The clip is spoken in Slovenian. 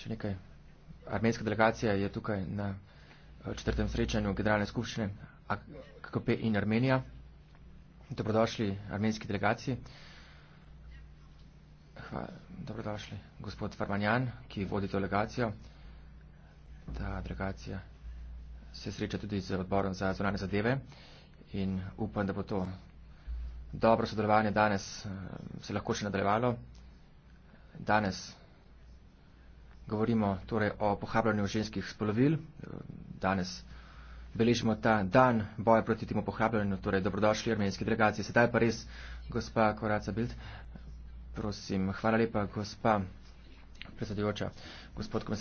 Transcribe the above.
še nekaj. Armenska delegacija je tukaj na eh, četrtem srečanju generalne skupščine AKP in Armenija. Dobrodošli armenski delegaciji. Hvala. Dobrodošli gospod Farmanjan, ki vodi delegacijo. Ta delegacija se sreča tudi z odborom za zvonane zadeve in upam, da bo to dobro sodelovanje danes eh, se lahko še nadaljevalo. Danes Govorimo torej o pohabljanju ženskih spolovil. Danes beležimo ta dan boja proti temu pohabljanju, torej dobrodošli armenski delegaciji. Sedaj pa res, gospa Koraca Bild, prosim, hvala lepa, gospa predsedujoča, gospod komisar.